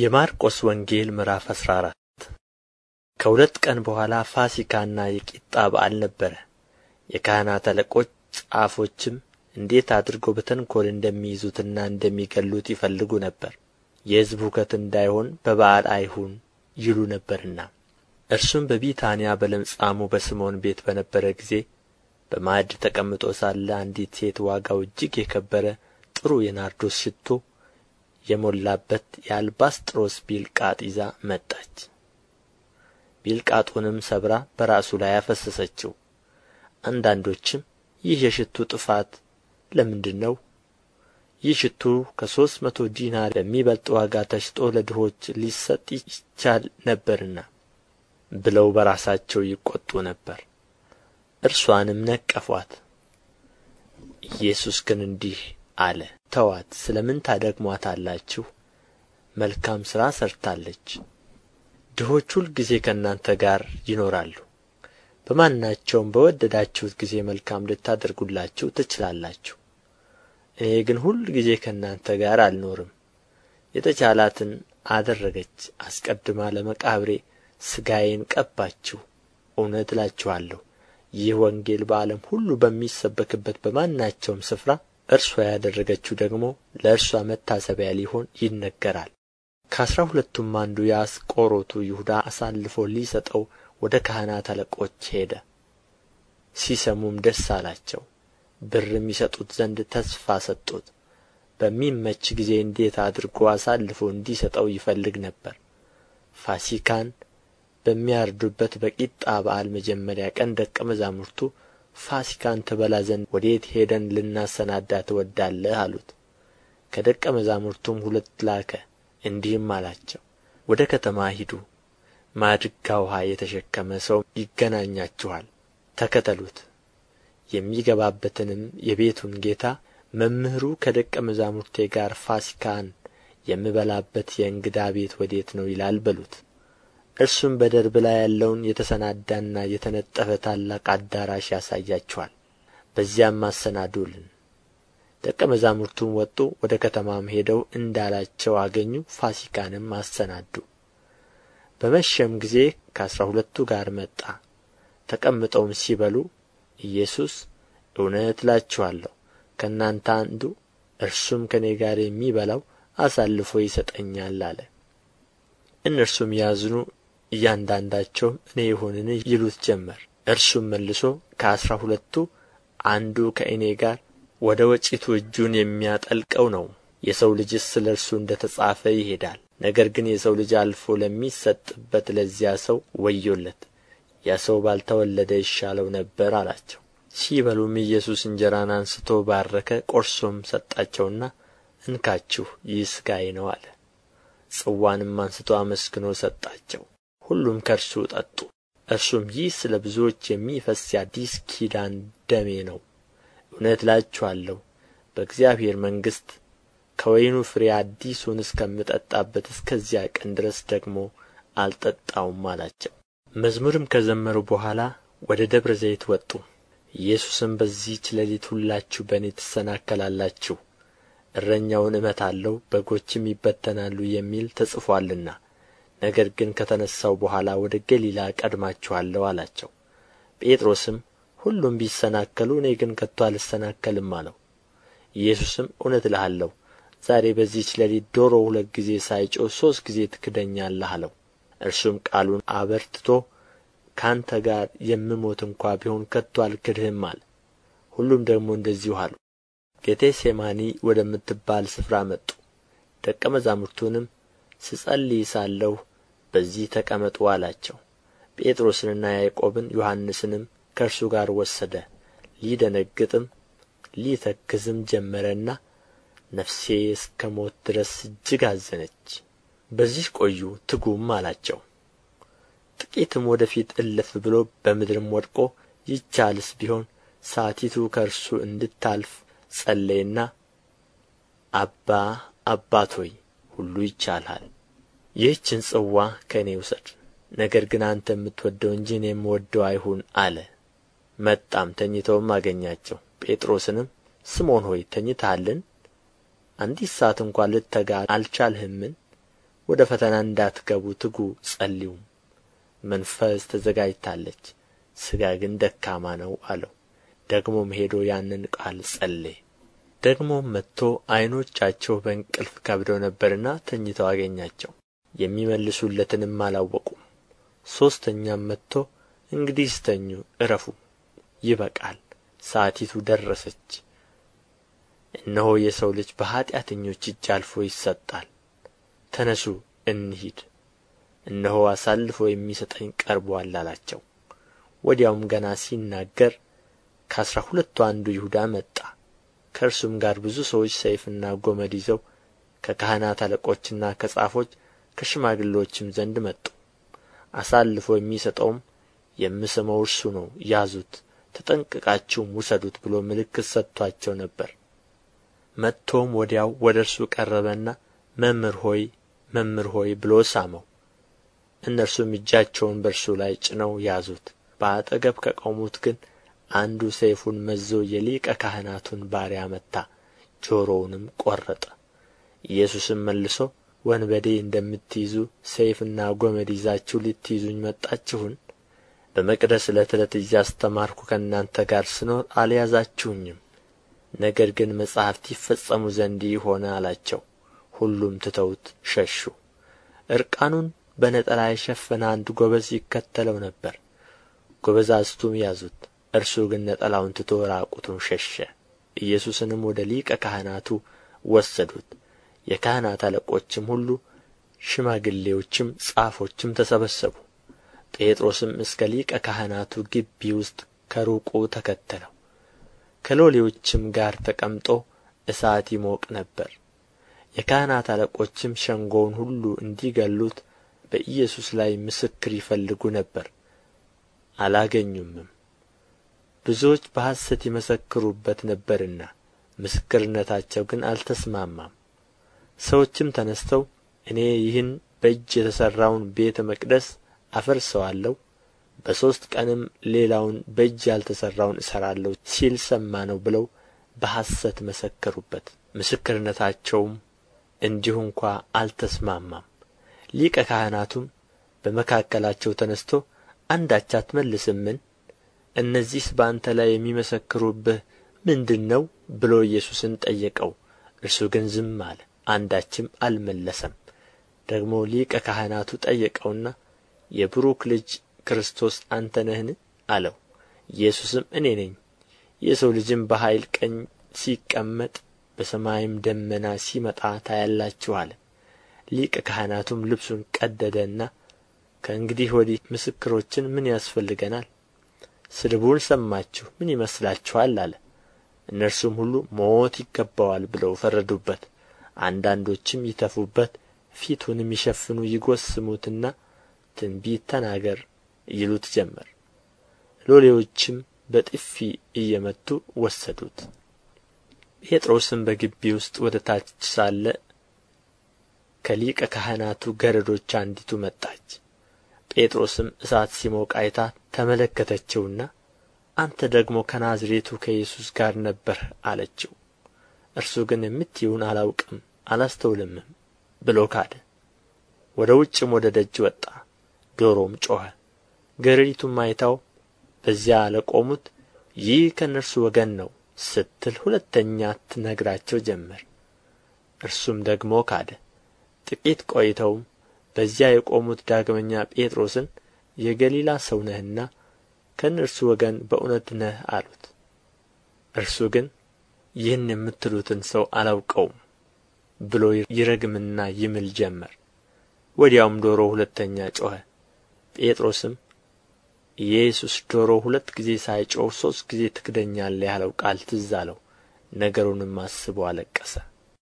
የማርቆስ ወንጌል ምዕራፍ 14 ከሁለት ቀን በኋላ ፋሲካና የቂጣ በዓል ነበረ። የካህናት አለቆች ጻፎችም እንዴት አድርገው በተንኮል እንደሚይዙትና እንደሚገሉት ይፈልጉ ነበር፣ የሕዝብ ሁከት እንዳይሆን በበዓል አይሁን ይሉ ነበርና። እርሱም በቢታንያ በለምጻሙ በስምዖን ቤት በነበረ ጊዜ በማዕድ ተቀምጦ ሳለ አንዲት ሴት ዋጋው እጅግ የከበረ ጥሩ የናርዶስ ሽቶ የሞላበት የአልባስጥሮስ ቢልቃጥ ይዛ መጣች። ቢልቃጡንም ሰብራ በራሱ ላይ አፈሰሰችው። አንዳንዶችም ይህ የሽቱ ጥፋት ለምንድን ነው? ይህ ሽቱ ከሦስት መቶ ዲናር በሚበልጥ ዋጋ ተሽጦ ለድሆች ሊሰጥ ይቻል ነበርና ብለው በራሳቸው ይቈጡ ነበር። እርሷንም ነቀፏት። ኢየሱስ ግን እንዲህ አለ ተዋት ስለ ምን ታደግሟታላችሁ? መልካም ሥራ ሠርታለች ድሆች ሁልጊዜ ከእናንተ ጋር ይኖራሉ በማናቸውም በወደዳችሁት ጊዜ መልካም ልታደርጉላቸው ትችላላችሁ እኔ ግን ሁልጊዜ ከእናንተ ጋር አልኖርም የተቻላትን አደረገች አስቀድማ ለመቃብሬ ሥጋዬን ቀባችሁ እውነት እላችኋለሁ ይህ ወንጌል በዓለም ሁሉ በሚሰበክበት በማናቸውም ስፍራ እርስዋ ያደረገችው ደግሞ ለእርሷ መታሰቢያ ሊሆን ይነገራል ከአሥራ ሁለቱም አንዱ የአስቆሮቱ ይሁዳ አሳልፎ ሊሰጠው ወደ ካህናት አለቆች ሄደ ሲሰሙም ደስ አላቸው ብርም ይሰጡት ዘንድ ተስፋ ሰጡት በሚመች ጊዜ እንዴት አድርጎ አሳልፎ እንዲሰጠው ይፈልግ ነበር ፋሲካን በሚያርዱበት በቂጣ በዓል መጀመሪያ ቀን ደቀ መዛሙርቱ ፋሲካን ትበላ ዘንድ ወዴት ሄደን ልናሰናዳ ትወዳለህ አሉት ከደቀ መዛሙርቱም ሁለት ላከ እንዲህም አላቸው ወደ ከተማ ሂዱ ማድጋ ውኃ የተሸከመ ሰው ይገናኛችኋል ተከተሉት የሚገባበትንም የቤቱን ጌታ መምህሩ ከደቀ መዛሙርቴ ጋር ፋሲካን የምበላበት የእንግዳ ቤት ወዴት ነው ይላል በሉት እርሱም በደርብ ላይ ያለውን የተሰናዳና የተነጠፈ ታላቅ አዳራሽ ያሳያችኋል በዚያም አሰናዱልን ደቀ መዛሙርቱም ወጡ ወደ ከተማም ሄደው እንዳላቸው አገኙ ፋሲካንም አሰናዱ በመሸም ጊዜ ከአሥራ ሁለቱ ጋር መጣ ተቀምጠውም ሲበሉ ኢየሱስ እውነት እላችኋለሁ ከእናንተ አንዱ እርሱም ከእኔ ጋር የሚበላው አሳልፎ ይሰጠኛል አለ እነርሱም ያዝኑ እያንዳንዳቸውም እኔ እሆንን ይሉት ጀመር እርሱም መልሶ ከአሥራ ሁለቱ አንዱ ከእኔ ጋር ወደ ወጭቱ እጁን የሚያጠልቀው ነው የሰው ልጅስ ስለ እርሱ እንደ ተጻፈ ይሄዳል ነገር ግን የሰው ልጅ አልፎ ለሚሰጥበት ለዚያ ሰው ወዮለት ያ ሰው ባልተወለደ ይሻለው ነበር አላቸው ሲበሉም ኢየሱስ እንጀራን አንስቶ ባረከ ቆርሶም ሰጣቸውና እንካችሁ ይህ ሥጋዬ ነው አለ ጽዋንም አንስቶ አመስግኖ ሰጣቸው ሁሉም ከእርሱ ጠጡ እርሱም ይህ ስለ ብዙዎች የሚፈስ የአዲስ ኪዳን ደሜ ነው እውነት እላችኋለሁ በእግዚአብሔር መንግሥት ከወይኑ ፍሬ አዲሱን እስከምጠጣበት እስከዚያ ቀን ድረስ ደግሞ አልጠጣውም አላቸው መዝሙርም ከዘመሩ በኋላ ወደ ደብረ ዘይት ወጡ ኢየሱስም በዚች ሌሊት ሁላችሁ በእኔ ትሰናከላላችሁ እረኛውን እመታለሁ በጎችም ይበተናሉ የሚል ተጽፏልና። ነገር ግን ከተነሳው በኋላ ወደ ገሊላ ቀድማችኋለሁ አላቸው ጴጥሮስም ሁሉም ቢሰናከሉ እኔ ግን ከቶ አልሰናከልም አለው ኢየሱስም እውነት እልሃለሁ ዛሬ በዚች ሌሊት ዶሮ ሁለት ጊዜ ሳይጮ ሦስት ጊዜ ትክደኛለህ አለው እርሱም ቃሉን አበርትቶ ከአንተ ጋር የምሞት እንኳ ቢሆን ከቶ አልክድህም አለ ሁሉም ደግሞ እንደዚሁ አሉ ጌቴሴማኒ ወደምትባል ስፍራ መጡ ደቀ መዛሙርቱንም ስጸልይ ሳለሁ በዚህ ተቀመጡ አላቸው ጴጥሮስንና ያዕቆብን ዮሐንስንም ከእርሱ ጋር ወሰደ ሊደነግጥም ሊተክዝም ጀመረና ነፍሴ እስከ ሞት ድረስ እጅግ አዘነች በዚህ ቆዩ ትጉም አላቸው ጥቂትም ወደ ፊት እልፍ ብሎ በምድርም ወድቆ ይቻልስ ቢሆን ሳቲቱ ከእርሱ እንድታልፍ ጸለየና አባ አባት ሆይ ሁሉ ይቻልሃል ይህችን ጽዋ ከእኔ ውሰድ ነገር ግን አንተ የምትወደው እንጂ እኔ የምወደው አይሁን አለ መጣም ተኝተውም አገኛቸው ጴጥሮስንም ስምዖን ሆይ ተኝተሃልን አንዲት ሰዓት እንኳ ልትተጋ አልቻልህምን ወደ ፈተና እንዳትገቡ ትጉ ጸልዩም መንፈስ ተዘጋጅታለች ሥጋ ግን ደካማ ነው አለው ደግሞም ሄዶ ያንን ቃል ጸሌ ደግሞም መጥቶ ዐይኖቻቸው በእንቅልፍ ከብደው ነበርና ተኝተው አገኛቸው የሚመልሱለትንም አላወቁም ሦስተኛም መጥቶ እንግዲህ ተኙ ዕረፉም ይበቃል ሰዓቲቱ ደረሰች እነሆ የሰው ልጅ በኀጢአተኞች እጅ አልፎ ይሰጣል ተነሱ እንሂድ እነሆ አሳልፎ የሚሰጠኝ ቀርቦአል አላቸው ወዲያውም ገና ሲናገር ከአሥራ ሁለቱ አንዱ ይሁዳ መጣ ከእርሱም ጋር ብዙ ሰዎች ሰይፍና ጎመድ ይዘው ከካህናት አለቆችና ከጻፎች ከሽማግሌዎችም ዘንድ መጡ አሳልፎ የሚሰጠውም የምስመው እርሱ ነው ያዙት ተጠንቅቃችሁም ውሰዱት ብሎ ምልክት ሰጥቷቸው ነበር መጥቶም ወዲያው ወደ እርሱ ቀረበና መምህር ሆይ መምህር ሆይ ብሎ ሳመው እነርሱም እጃቸውን በእርሱ ላይ ጭነው ያዙት በአጠገብ ከቆሙት ግን አንዱ ሰይፉን መዞ የሊቀ ካህናቱን ባሪያ መታ ጆሮውንም ቈረጠ ኢየሱስም መልሶ ወንበዴ እንደምትይዙ ሰይፍና ጐመድ ይዛችሁ ልትይዙኝ መጣችሁን በመቅደስ ዕለት ዕለት እያስተማርሁ ከእናንተ ጋር ስኖር አልያዛችሁኝም ነገር ግን መጻሕፍት ይፈጸሙ ዘንድ ይህ ሆነ አላቸው ሁሉም ትተውት ሸሹ ዕርቃኑን በነጠላ የሸፈነ አንድ ጎበዝ ይከተለው ነበር ጐበዛዝቱም ያዙት እርሱ ግን ነጠላውን ትቶ ራቁቱን ሸሸ ኢየሱስንም ወደ ሊቀ ካህናቱ ወሰዱት የካህናት አለቆችም ሁሉ ሽማግሌዎችም ጻፎችም ተሰበሰቡ ጴጥሮስም እስከ ሊቀ ካህናቱ ግቢ ውስጥ ከሩቁ ተከተለው ከሎሌዎችም ጋር ተቀምጦ እሳት ይሞቅ ነበር የካህናት አለቆችም ሸንጎውን ሁሉ እንዲገሉት በኢየሱስ ላይ ምስክር ይፈልጉ ነበር አላገኙምም ብዙዎች በሐሰት ይመሰክሩበት ነበርና ምስክርነታቸው ግን አልተስማማም ሰዎችም ተነስተው እኔ ይህን በእጅ የተሠራውን ቤተ መቅደስ አፈርሰዋለሁ በሦስት ቀንም ሌላውን በእጅ ያልተሠራውን እሠራለሁ ሲል ሰማ ነው ብለው በሐሰት መሰከሩበት ምስክርነታቸውም እንዲሁ እንኳ አልተስማማም ሊቀ ካህናቱም በመካከላቸው ተነስቶ አንዳች አትመልስምን እነዚህስ በአንተ ላይ የሚመሰክሩብህ ምንድን ነው ብሎ ኢየሱስን ጠየቀው እርሱ ግን ዝም አለ አንዳችም አልመለሰም ደግሞ ሊቀ ካህናቱ ጠየቀውና የብሩክ ልጅ ክርስቶስ አንተ ነህን አለው ኢየሱስም እኔ ነኝ የሰው ልጅም በኃይል ቀኝ ሲቀመጥ በሰማይም ደመና ሲመጣ ታያላችሁ አለ ሊቀ ካህናቱም ልብሱን ቀደደና ከእንግዲህ ወዲህ ምስክሮችን ምን ያስፈልገናል ስድቡን ሰማችሁ ምን ይመስላችኋል አለ እነርሱም ሁሉ ሞት ይገባዋል ብለው ፈረዱበት አንዳንዶችም ይተፉበት ፊቱንም ይሸፍኑ ይጎስሙትና ትንቢት ተናገር ይሉት ጀመር ሎሌዎችም በጥፊ እየመቱ ወሰዱት ጴጥሮስም በግቢ ውስጥ ወደ ታች ሳለ ከሊቀ ካህናቱ ገረዶች አንዲቱ መጣች። ጴጥሮስም እሳት ሲሞቅ አይታ ተመለከተችውና አንተ ደግሞ ከናዝሬቱ ከኢየሱስ ጋር ነበርህ አለችው። እርሱ ግን የምትዪውን አላውቅም አላስተውልምም ብሎ ካደ። ወደ ውጭም ወደ ደጅ ወጣ፣ ዶሮም ጮኸ። ገረዲቱም አይታው በዚያ ለቆሙት ይህ ከእነርሱ ወገን ነው ስትል ሁለተኛ ትነግራቸው ጀመር። እርሱም ደግሞ ካደ። ጥቂት ቆይተውም በዚያ የቆሙት ዳግመኛ ጴጥሮስን የገሊላ ሰው ነህና ከእነርሱ ወገን በእውነት ነህ አሉት። እርሱ ግን ይህን የምትሉትን ሰው አላውቀውም ብሎ ይረግምና ይምል ጀመር። ወዲያውም ዶሮ ሁለተኛ ጮኸ። ጴጥሮስም ኢየሱስ ዶሮ ሁለት ጊዜ ሳይጮኽ ሦስት ጊዜ ትክደኛለህ ያለው ቃል ትዝ አለው። ነገሩንም አስቦ አለቀሰ።